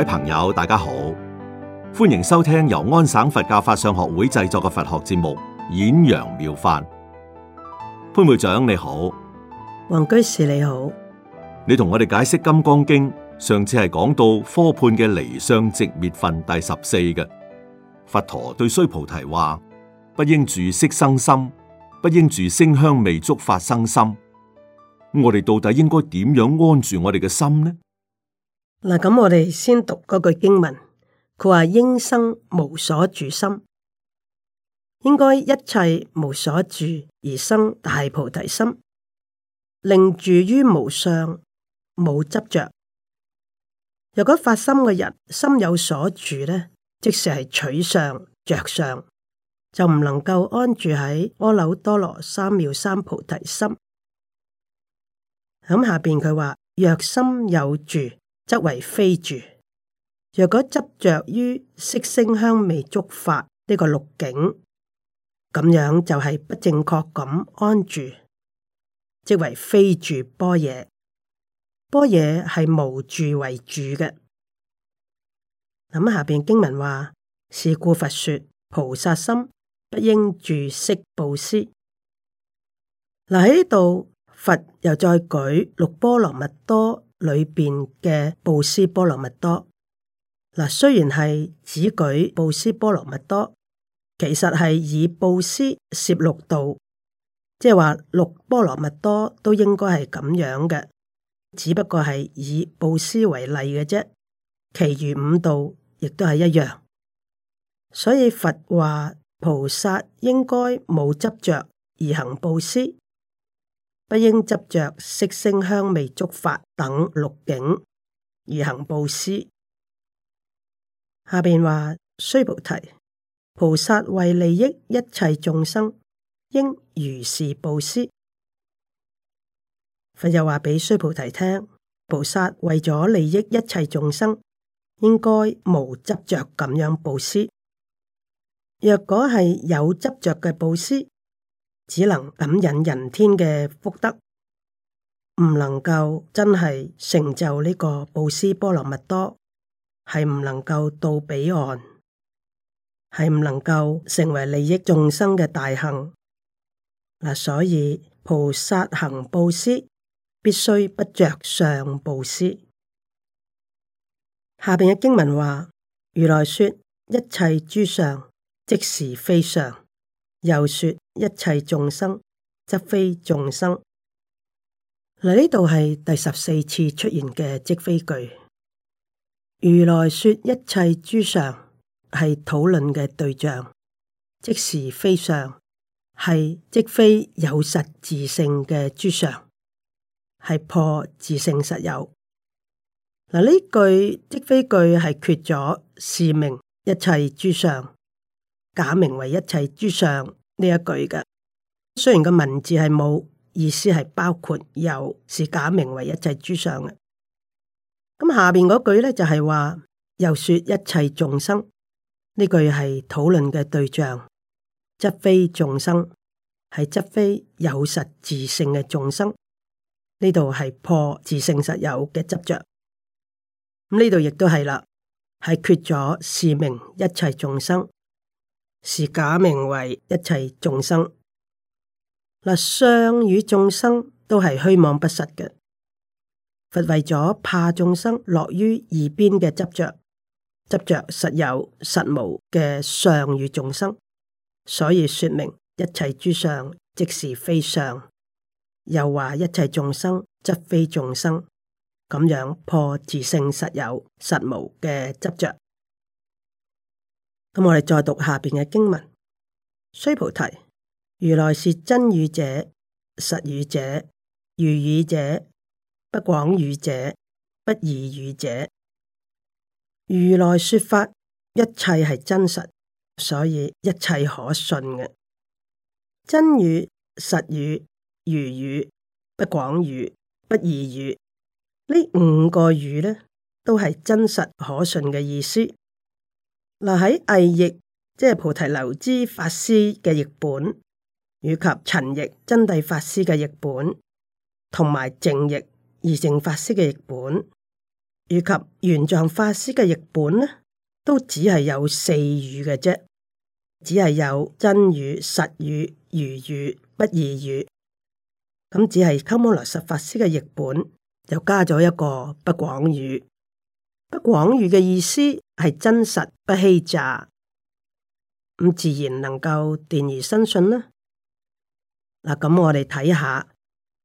各位朋友，大家好，歡迎收聽由安省佛教法相學會製作嘅佛學節目《演揚妙法》。潘會長你好，黃居士你好，你同我哋解釋《金剛經》，上次係講到科判嘅離相寂滅分第十四嘅。佛陀對須菩提話：不應住色生心，不應住聲香味觸法生心。我哋到底應該點樣安住我哋嘅心呢？嗱，咁我哋先讀嗰句經文，佢話應生無所住心，應該一切無所住而生大菩提心，令住於無相、冇執着。如果發心嘅人心有所住咧，即使係取相着相，就唔能夠安住喺阿耨多羅三藐三菩提心。咁下邊佢話若心有住。則為非住，若果執着於色聲香味觸法呢個六境，咁樣就係不正確咁安住，即為非住般若。般若係無住為住嘅。咁下邊經文話：是故佛說，菩薩心不應住色布施。嗱喺呢度，佛又再舉六波羅蜜多。裏邊嘅布施波羅蜜多，嗱雖然係只舉布施波羅蜜多，其實係以布施攝六度，即係話六波羅蜜多都應該係咁樣嘅，只不過係以布施為例嘅啫，其餘五度亦都係一樣。所以佛話菩薩應該冇執着而行布施。不應執着色、聲香、味、觸法等六境而行布施。下邊話，須菩提，菩薩為利益一切眾生，應如是布施。佛又話畀須菩提聽，菩薩為咗利益一切眾生，應該無執着咁樣布施。若果係有執着嘅布施，只能感引人天嘅福德，唔能夠真係成就呢個布施波羅蜜多，係唔能夠到彼岸，係唔能夠成為利益眾生嘅大行。嗱，所以菩薩行布施，必須不着相布施。下邊嘅經文話：如來說一切諸相，即是非相。又說一切眾生則非眾生。嗱，呢度係第十四次出現嘅即非句。如來說一切諸相係討論嘅對象，即是非相，係即非有實自性嘅諸相，係破自性實有。嗱，呢句即非句係缺咗是名一切諸相，假名為一切諸相。呢一句嘅，雖然個文字係冇，意思係包括有，是假名為一切諸相嘅。咁下邊嗰句咧就係話，又說一切眾生呢句係討論嘅對象，即非眾生係即非有實自性嘅眾生。呢度係破自性實有嘅執着。呢度亦都係啦，係缺咗是名一切眾生。是假名為一切眾生，嗱，相與眾生都係虛妄不實嘅。佛為咗怕眾生落於二邊嘅執着，執着實有實無嘅相與眾生，所以說明一切諸相即是非相，又話一切眾生則非眾生，咁樣破自性實有實無嘅執着。咁我哋再讀下邊嘅經文：須菩提，如來是真語者、實語者、如語者、不誑語者、不異語者。如來說法，一切係真實，所以一切可信嘅真語、實語、如語、不誑語、不異語，呢五個語呢，都係真實可信嘅意思。嗱，喺魏譯，即係菩提流支法師嘅譯本，以及陳譯真諦法師嘅譯本，同埋正譯義淨法師嘅譯本，以及玄奘法師嘅譯本咧，都只係有四語嘅啫，只係有真語、實語、如語、不異語。咁只係鳩摩羅什法師嘅譯本，就加咗一個不誑語。不誑語嘅意思係真實，不欺詐，咁自然能夠電而生信啦。嗱，咁我哋睇下，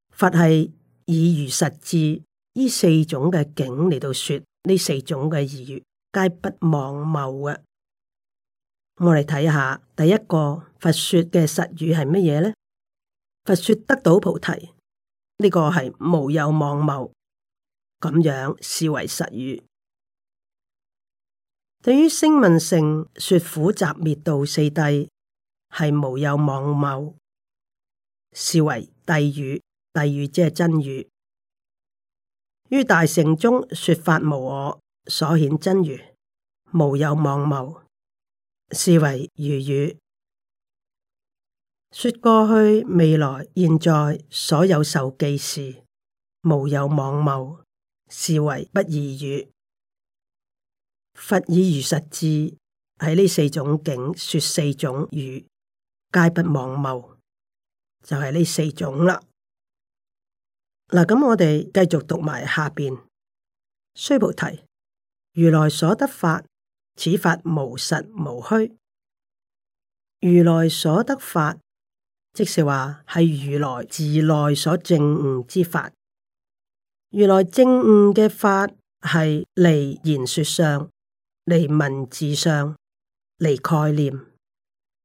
佛係以如實智呢四種嘅境嚟到說呢四種嘅語，皆不妄謀嘅。我哋睇下，第一個佛說嘅實語係乜嘢呢？佛說得到菩提，呢、這個係無有妄謀，咁樣視為實語。對於聲聞乘說苦集滅道四諦，係無有妄謬，是為諦語；諦語即係真語。於大乘中說法無我，所顯真如，無有妄謬，是為如語。說過去、未來、現在所有受記事，無有妄謬，是為不異語。佛以如實智喺呢四種境說四種語，皆不妄謀，就係、是、呢四種啦。嗱，咁我哋繼續讀埋下邊。須菩提，如來所得法，此法無實無虛。如來所得法，即是話係如來自內所證悟之法。如來證悟嘅法係離言說相。嚟文字上，嚟概念，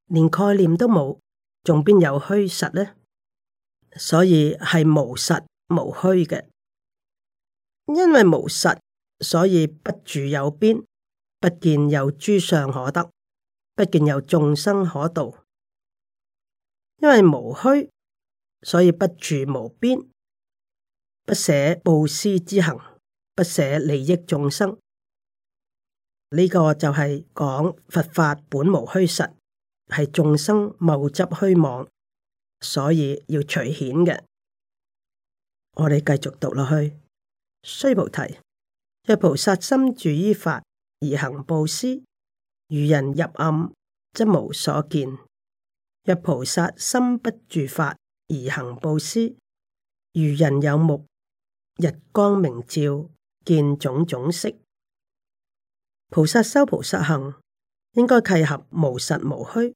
連概念都冇，仲邊有虛實呢？所以係無實無虛嘅。因為無實，所以不住有邊，不見有諸相可得，不見有眾生可度。因為無虛，所以不住無邊，不捨布施之行，不捨利益眾生。呢個就係講佛法本無虛實，係眾生謬執虛妄，所以要取顯嘅。我哋繼續讀落去。須菩提，若菩薩心住於法而行布施，如人入暗，則無所見；若菩薩心不住法而行布施，如人有目，日光明照，見種種色。菩薩修菩薩行，應該契合無實無虛。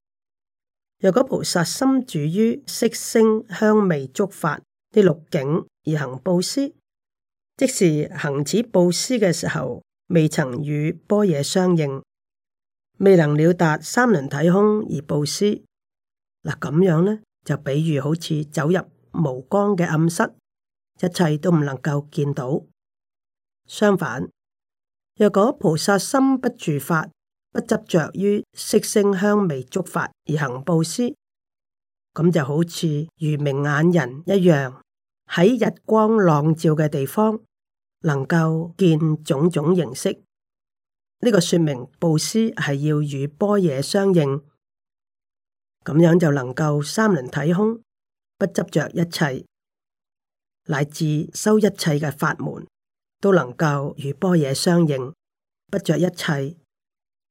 若果菩薩心住於色聲香味觸法啲六境而行布施，即是行此布施嘅時候，未曾與般若相應，未能了達三輪體空而布施，嗱咁樣呢？就比喻好似走入無光嘅暗室，一切都唔能夠見到。相反。若果菩薩心不住法，不執着於色聲香味觸法而行布施，咁就好似如明眼人一樣，喺日光朗照嘅地方能夠見種種形式。呢、這個說明布施係要與般若相應，咁樣就能夠三輪體空，不執着一切，乃至修一切嘅法門。都能夠與般若相應，不着一切，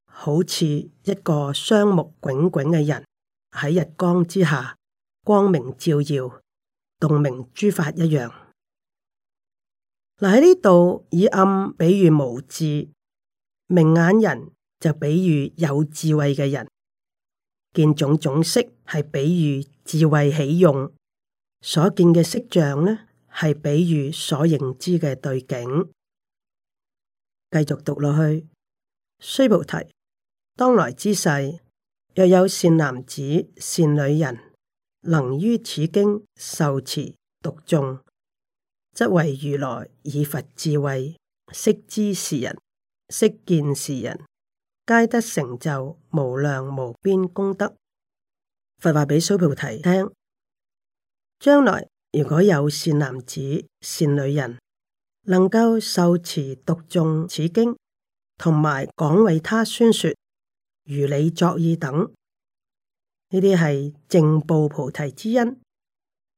好似一個雙目炯炯嘅人喺日光之下，光明照耀，洞明諸法一樣。嗱喺呢度，以暗比喻無智，明眼人就比喻有智慧嘅人，見種種色係比喻智慧起用所見嘅色相呢，係比喻所認知嘅對境。繼續讀落去，須菩提，當來之世，若有善男子、善女人，能於此經受持讀誦，則為如來以佛智慧，悉知是人，悉見是人，皆得成就無量無邊功德。佛話畀須菩提聽，將來。如果有善男子、善女人，能夠受持讀誦此經，同埋廣為他宣說，如理作意等，呢啲係正報菩提之因，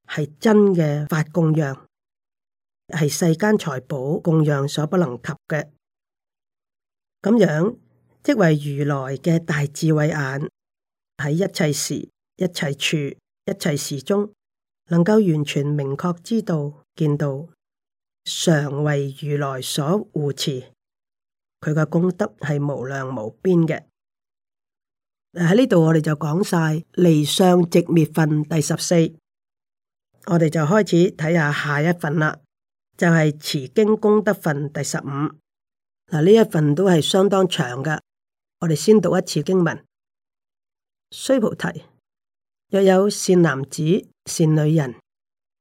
係真嘅法供養，係世間財寶供養所不能及嘅。咁樣即為如來嘅大智慧眼，喺一切時、一切處、一切時中。能夠完全明確知道見到，常為如來所護持，佢嘅功德係無量無邊嘅。喺呢度我哋就講晒離相寂滅分第十四，我哋就開始睇下下一份啦，就係、是、持經功德分第十五。嗱，呢一份都係相當長嘅，我哋先讀一次經文。須菩提，若有善男子。善女人，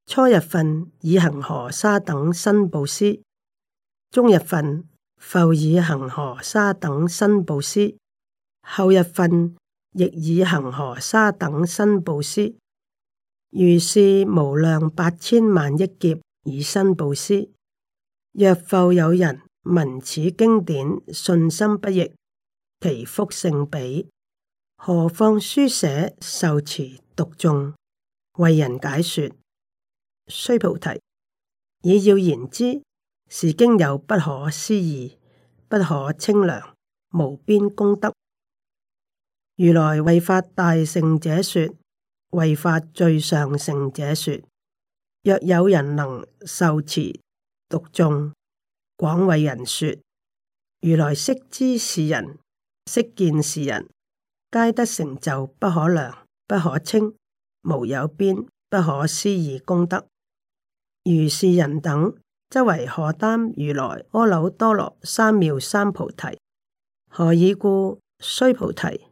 初日份，以恆河沙等身布施，中日份，復以恆河沙等身布施，後日份，亦以恆河沙等身布施。如是無量八千萬億劫，以身布施。若復有人聞此經典，信心不逆，其福勝彼。何況書寫受持讀誦，為人解說。須菩提，以要言之，是經有不可思議、不可稱量、無邊功德。如來為發大乘者說，為發最上乘者說。若有人能受持、讀誦、廣為人說，如來悉知是人，悉見是人，皆得成就不，不可量，不可稱。無有邊，不可思議功德。如是人等，則為荷擔如來阿耨多羅三藐三菩提。何以故？須菩提，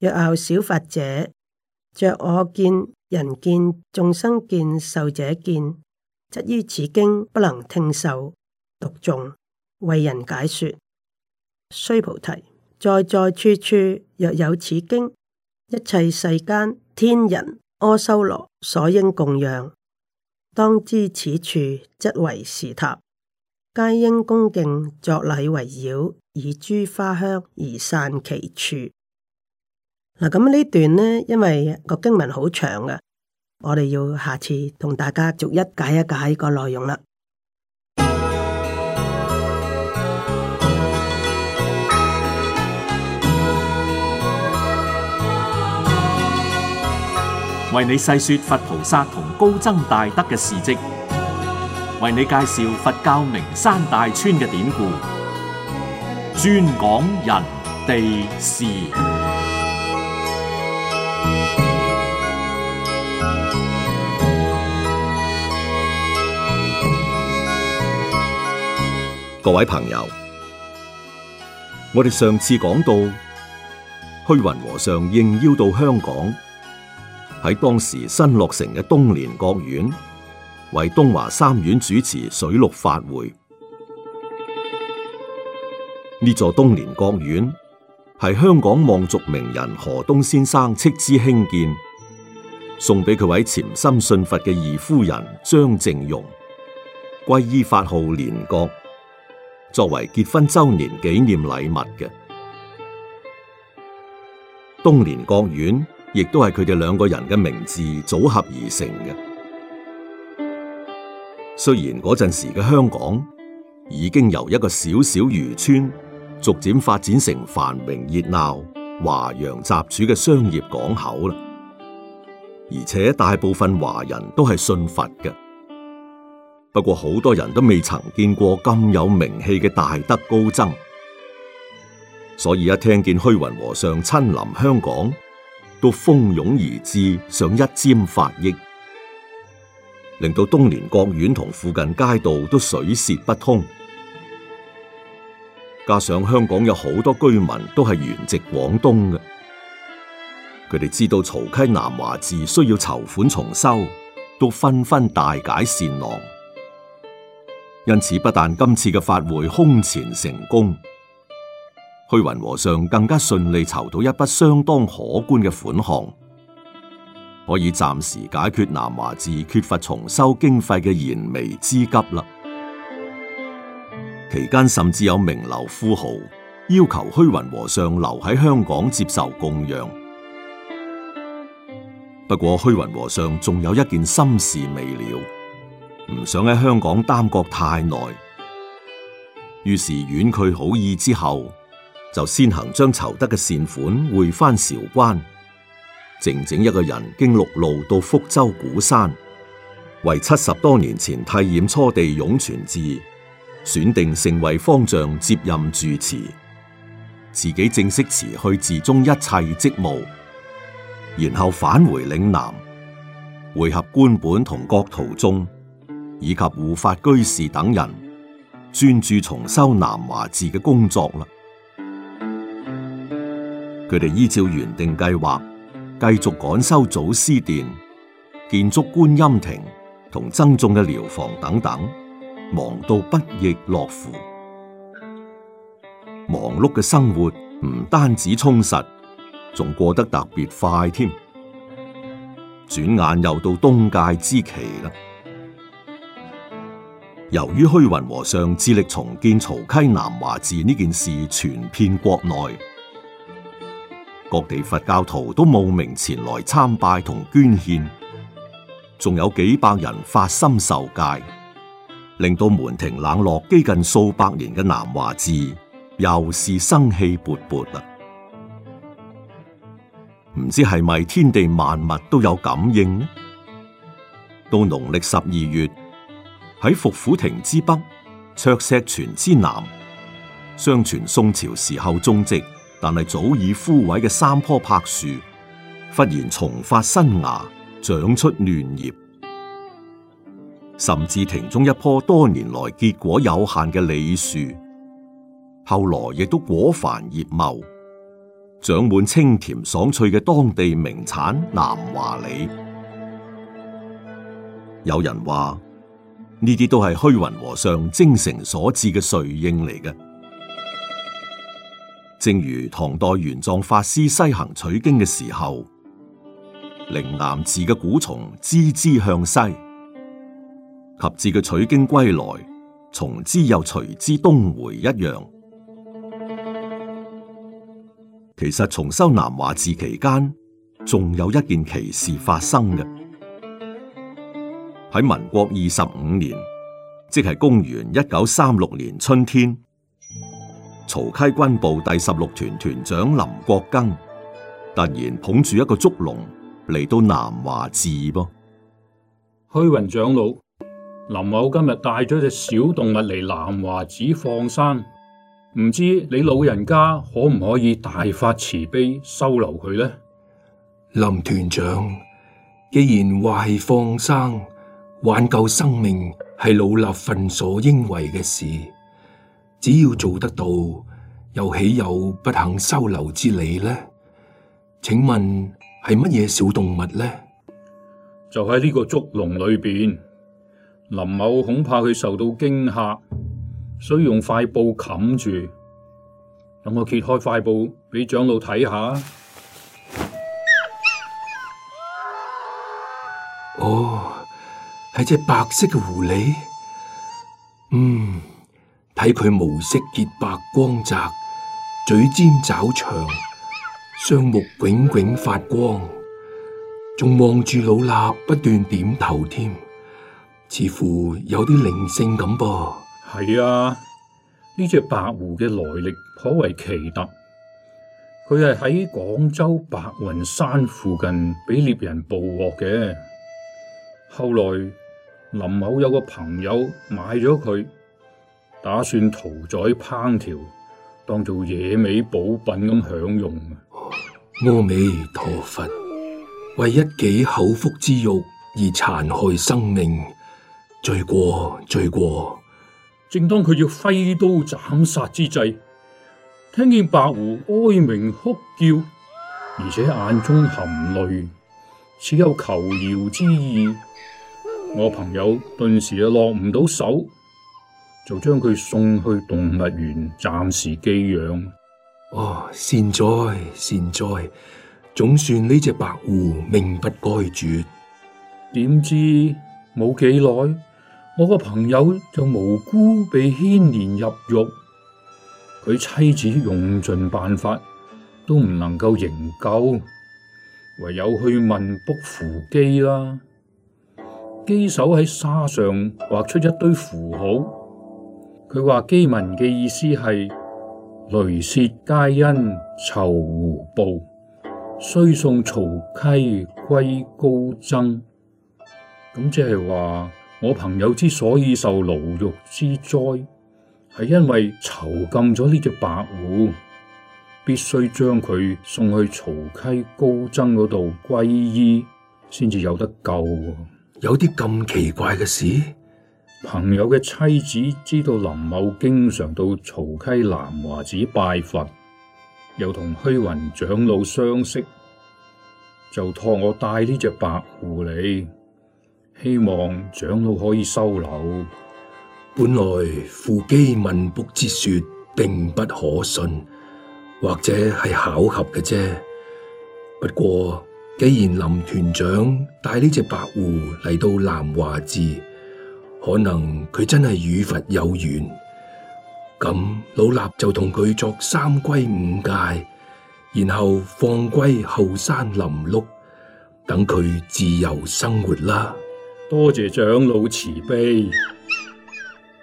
若樂小法者，着我見、人見、眾生見、壽者見，則於此經不能聽受讀誦，為人解說。須菩提，在在處處若有此經，一切世間天人。阿修羅所應供養，當知此處即為是塔，皆應恭敬作禮圍繞，以諸花香而散其處。嗱，咁呢段呢，因為個經文好長嘅，我哋要下次同大家逐一解一解個內容啦。為你細說佛菩薩同高僧大德嘅事跡，為你介紹佛教名山大川嘅典故，專講人地事。各位朋友，我哋上次講到，虛雲和尚應邀到香港。喺當時新落成嘅東蓮國院，為東華三院主持水陸法會。呢 座東蓮國院係香港望族名人何東先生斥資興建，送俾佢位潛心信佛嘅二夫人張靜蓉。皈依法號蓮覺，作為結婚周年紀念禮物嘅東蓮國院。亦都係佢哋兩個人嘅名字組合而成嘅。雖然嗰陣時嘅香港已經由一個小小漁村，逐漸發展成繁榮熱鬧、華洋雜處嘅商業港口啦。而且大部分華人都係信佛嘅，不過好多人都未曾見過咁有名氣嘅大德高僧，所以一聽見虛雲和尚親臨香港。都蜂擁而至，想一沾法益，令到東蓮國院同附近街道都水泄不通。加上香港有好多居民都係原籍廣東嘅，佢哋知道曹溪南華寺需要籌款重修，都紛紛大解善囊。因此不但今次嘅法會空前成功。虛雲和尚更加順利籌到一筆相當可觀嘅款項，可以暫時解決南華寺缺乏重修經費嘅燃眉之急啦。期間甚至有名流富豪要求虛雲和尚留喺香港接受供養。不過虛雲和尚仲有一件心事未了，唔想喺香港耽擱太耐，於是婉拒好意之後，就先行將籌得嘅善款匯返韶關，靜靜一個人經陸路到福州鼓山，為七十多年前剃染初地湧泉寺選定成為方丈，接任住持，自己正式辭去寺中一切職務，然後返回嶺南，匯合官本同國圖中，以及護法居士等人，專注重修南華寺嘅工作啦。佢哋依照原定計劃，繼續趕修祖師殿、建築觀音亭同僧眾嘅寮房等等，忙到不亦樂乎。忙碌嘅生活唔單止充實，仲過得特別快添。轉眼又到冬屆之期啦。由於虛雲和尚致力重建曹溪南華寺呢件事，傳遍國內。各地佛教徒都慕名前來參拜同捐獻，仲有幾百人發心受戒，令到門庭冷落幾近數百年嘅南華寺，又是生氣勃勃啦！唔知係咪天地萬物都有感應呢？到農曆十二月喺伏虎亭之北、卓石泉之南，相傳宋朝時候種植。但係早已枯萎嘅三棵柏樹，忽然重發新芽，長出嫩葉；甚至庭中一棵多年來結果有限嘅李樹，後來亦都果繁葉茂，長滿清甜爽脆嘅當地名產南華李。有人話呢啲都係虛雲和尚精誠所至嘅瑞應嚟嘅。正如唐代玄奘法師西行取經嘅時候，嶺南寺嘅古松枝枝向西，及至佢取經歸來，從之又隨之東回一樣。其實重修南華寺期間，仲有一件奇事發生嘅。喺民國二十五年，即係公元一九三六年春天。潮溪軍部第十六團團長林國庚突然捧住一個竹籠嚟到南華寺噃，虛雲長老，林某今日帶咗隻小動物嚟南華寺放生，唔知你老人家可唔可以大發慈悲收留佢呢？林團長，既然話係放生，挽救生命係老衲份所應為嘅事。只要做得到，又豈有不肯收留之理呢？請問係乜嘢小動物呢？就喺呢個竹籠裏邊，林某恐怕佢受到驚嚇，所以用塊布冚住。等我揭開塊布，俾長老睇下。哦，係隻白色嘅狐狸。嗯。睇佢毛色潔白光澤，嘴尖爪長，雙目炯炯發光，仲望住老衲不斷點頭添，似乎有啲靈性咁噃。係啊，呢隻白狐嘅來歷頗為奇特，佢係喺廣州白雲山附近畀獵人捕獲嘅，後來林某有個朋友買咗佢。打算屠宰烹調，當做野味補品咁享用。阿彌陀佛，為一己口腹之欲而殘害生命，罪過罪過！正當佢要揮刀斬殺之際，聽見白狐哀鳴哭叫，而且眼中含淚，似有求饒之意。我朋友頓時就落唔到手。就將佢送去動物園暫時寄養。哦，善哉善哉，總算呢隻白狐命不該絕。點知冇幾耐，我個朋友就無辜被牽連入獄，佢妻子用盡辦法都唔能夠營救，唯有去問卜扶乩啦。乩手喺沙上畫出一堆符號。佢話偈文嘅意思係，雷泄皆因囚狐報，須送曹溪歸高僧。咁即係話我朋友之所以受牢獄之災，係因為囚禁咗呢隻白狐，必須將佢送去曹溪高僧嗰度皈依，先至有得救啊。有啲咁奇怪嘅事。朋友嘅妻子知道林某經常到曹溪南華寺拜佛，又同虛雲長老相識，就託我帶呢隻白狐狸，希望長老可以收留。本來扶乩問卜之說並不可信，或者係巧合嘅啫。不過既然林團長帶呢隻白狐嚟到南華寺，可能佢真係與佛有緣，咁老衲就同佢作三歸五戒，然後放歸後山林麓，等佢自由生活啦。多謝長老慈悲。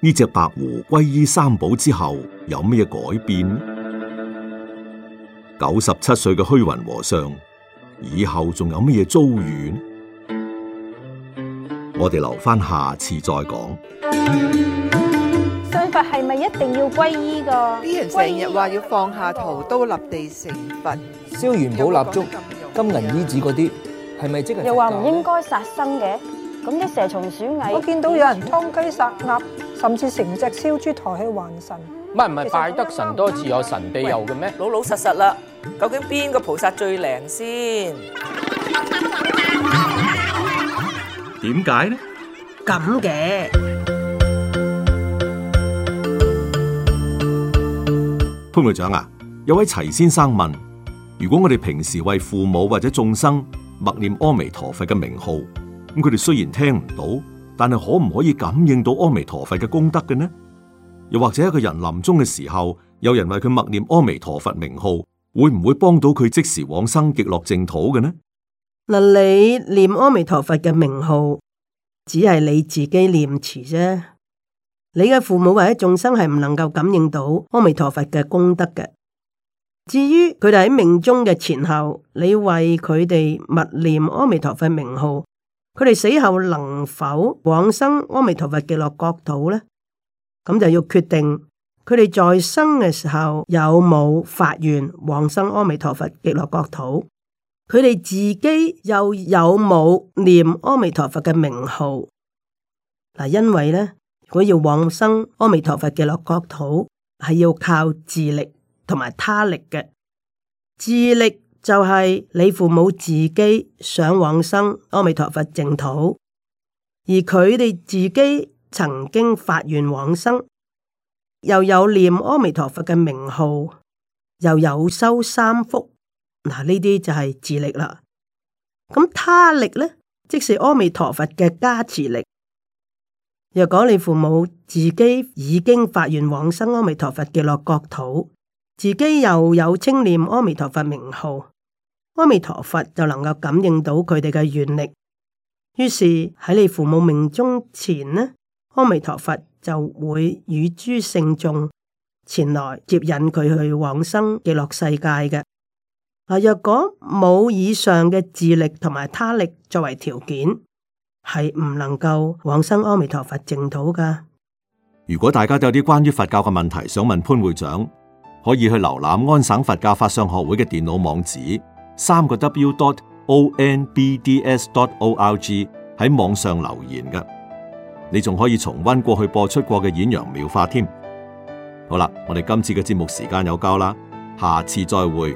呢隻白狐歸依三寶之後有咩改變？九十七歲嘅虛雲和尚以後仲有咩遭遇？我哋留翻下次再講。信佛係咪一定要皈依噶？啲人成日話要放下屠刀立地成佛，燒元寶蠟燭、金銀衣紙嗰啲，係咪即係？又話唔應該殺生嘅，咁啲蛇蟲鼠蟻，我見到有人殺雞殺鴨，甚至成隻燒豬抬起還神。唔係唔係，拜得神多自有神庇佑嘅咩？老老實實啦，究竟邊個菩薩最靈先？點解呢？咁嘅潘會長啊，有位齊先生問：如果我哋平時為父母或者眾生默念阿彌陀佛嘅名號，咁佢哋雖然聽唔到，但係可唔可以感應到阿彌陀佛嘅功德嘅呢？又或者一個人臨終嘅時候，有人為佢默念阿彌陀佛名號，會唔會幫到佢即時往生極樂淨土嘅呢？你念阿彌陀佛嘅名號，只係你自己念詞啫。你嘅父母或者眾生係唔能夠感應到阿彌陀佛嘅功德嘅。至於佢哋喺命終嘅前後，你為佢哋默念阿彌陀佛名號，佢哋死後能否往生阿彌陀佛極樂國土呢？咁就要決定佢哋在生嘅時候有冇發願往生阿彌陀佛極樂國土。佢哋自己又有冇念阿彌陀佛嘅名號？嗱，因為咧，如果要往生阿彌陀佛嘅極樂國土，係要靠自力同埋他力嘅。自力就係你父母自己想往生阿彌陀佛淨土，而佢哋自己曾經發願往生，又有念阿彌陀佛嘅名號，又有修三福。.嗱，呢啲就係自力啦。咁他力呢，即是阿彌陀佛嘅加持力。若果你父母自己已經發願往生阿彌陀佛極樂國土，自己又有稱念阿彌陀佛名號，阿彌陀佛就能夠感應到佢哋嘅願力，於是喺你父母命終前呢，阿彌陀佛就會與諸聖眾前來接引佢去往生極樂世界嘅。嗱，若果冇以上嘅自力同埋他力作為條件，係唔能夠往生阿彌陀佛淨土噶。如果大家都有啲關於佛教嘅問題想問潘會長，可以去瀏覽安省佛教法相學會嘅電腦網址，三個 w dot o n b d s dot o r g 喺網上留言噶。你仲可以重溫過去播出過嘅《演揚妙法》添。好啦，我哋今次嘅節目時間有夠啦，下次再會。